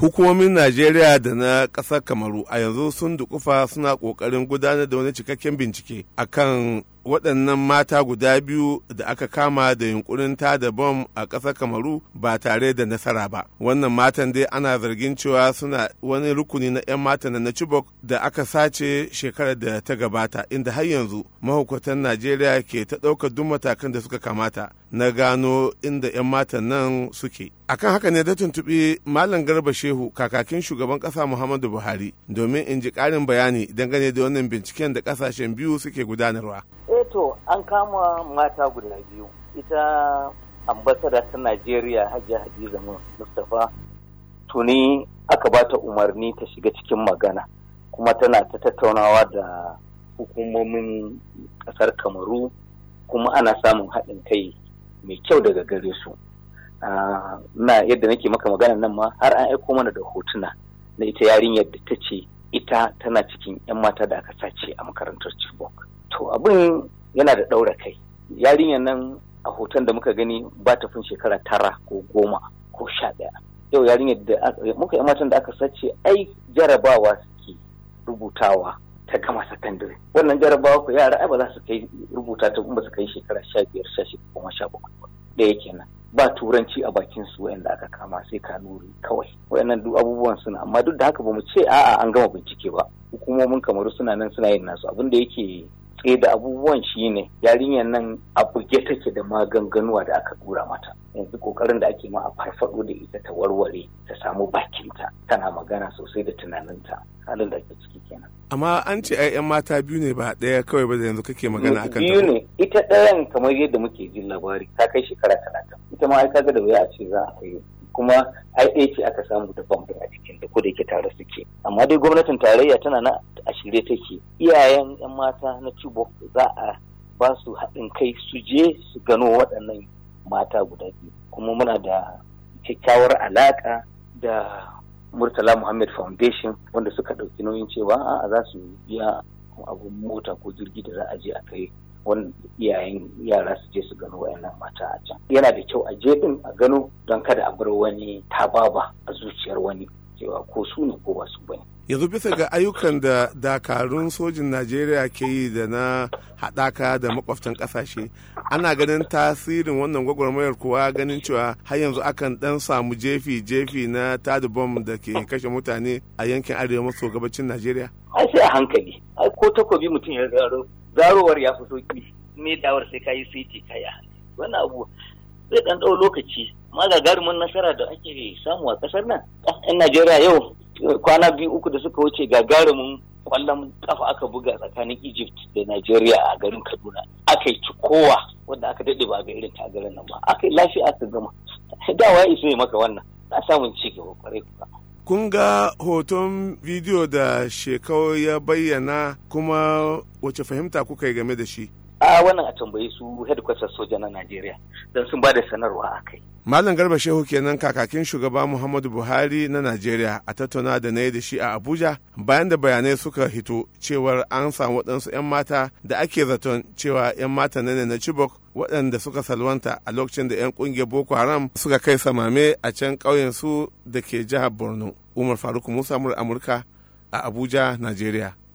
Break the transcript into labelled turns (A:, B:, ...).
A: hukumomin najeriya da na ƙasar kamaru a yanzu sun dukufa suna ƙoƙarin gudanar da wani cikakken bincike kan waɗannan mata guda biyu da aka kama da yunkurin ta da bom a ƙasar kamaru ba tare da nasara ba wannan matan dai ana zargin cewa suna wani rukuni na 'yan matan na chibok da aka sace shekarar da ta gabata inda har yanzu mahukuntan najeriya ke ta ɗaukar duk matakan da suka kamata na gano inda 'yan matan nan suke akan haka ne da tuntuɓi malam garba shehu kakakin shugaban ƙasa muhammadu buhari domin in ji ƙarin bayani dangane da wannan binciken da ƙasashen biyu suke gudanarwa
B: eto eh an kama mata guda biyu ita ambasada ta najeriya hajji hadiza mustapha tuni aka ba ta umarni ta shiga cikin magana kuma tana ta tattaunawa da hukumomin ƙasar kamaru kuma ana samun haɗin kai mai kyau daga gare su ah, na yadda nake maka magana nan ma har an aiko mana da hotuna na ita yarinyar da ta ce ita tana cikin 'yan mata da aka sace a makarantar chibok to abin yana da ɗaura kai yarinyar nan a hoton da muka gani ba ta fin shekara tara ko goma ko sha ɗaya yau yarinyar da muka 'yan matan da aka sace ai jarabawa suke rubutawa ta gama sakandare wannan jarabawa ku yara ai ba za su kai rubuta ta ba su kai shekara sha biyar sha shida kuma sha bakwai ba da yake nan ba turanci a bakin su wayanda aka kama sai kanuri kawai wayannan duk abubuwan suna amma duk da haka ba mu ce a'a an gama bincike ba hukumomin kamaru suna nan suna yin nasu abin da yake tsaye da abubuwan shi ne yarinyar nan a buge take da maganganuwa da aka dura mata yanzu kokarin da ake ma a farfado da ita ta warware ta samu bakinta tana magana sosai da tunaninta halin da ake ciki kenan
A: amma an ce ai mata biyu ne ba ɗaya kawai ba da yanzu kake magana akan biyu ne
B: ita ɗayan kamar yadda muke jin labari ta kai shekara talatin ita ma ai kaga da wuya a ce za a kai kuma ai ɗaya ce aka samu da bambam a cikin da ko da yake tare suke amma dai gwamnatin tarayya tana na shirye take iyayen 'yan mata na Chibok za a ba su haɗin kai su je su gano waɗannan mata guda biyu kuma muna da kyakkyawar alaƙa da Murtala Muhammad Foundation wanda suka ɗauki nauyin cewa a za su biya abun mota ko jirgi da za a je a kai wani iyayen yara su je su gano wayannan mata a can yana da kyau a je din a gano don kada a bar wani tababa a zuciyar wani cewa ko su ne ko ba su bane
A: yanzu bisa ga ayyukan da dakarun sojin najeriya ke yi da na haɗaka da makwabtan ƙasashe ana ganin tasirin wannan gwagwarmayar kuwa ganin cewa har yanzu akan ɗan samu jefi-jefi na tada bom da ke kashe mutane a yankin arewa maso gabacin najeriya
B: ai sai a hankali ai ko takobi mutum ya zaro zarowar ya fi sauki ne dawar sai ka yi sai abu zai ɗan ɗau lokaci ma garumin nasara da ake samu a ƙasar nan yan najeriya yau eh, kwana biyu uku da suka wuce gagarumin kwallon kafa aka buga tsakanin egypt da najeriya a garin kaduna aka yi kowa wanda aka daɗe ba ga irin tagarin nan ba aka yi lafiya aka gama dawa ya iso maka wannan na samun ci gaba kwarai kuka
A: kun ga hoton bidiyo da shekau ya bayyana kuma wace fahimta kuka yi game da shi
B: a wannan a tambayi su headquarters soja na najeriya don sun ba da sanarwa a kai
A: malam garba shehu kenan kakakin shugaba muhammadu buhari na najeriya a tattauna da na yi da shi a abuja bayan da bayanai suka hito cewar an samu waɗansu 'yan mata da ake zaton cewa 'yan mata ne na chibok waɗanda suka salwanta a lokacin da 'yan ƙungiyar boko haram suka kai samame a can ƙauyen su da ke jihar borno umar faruk musa amurka a abuja najeriya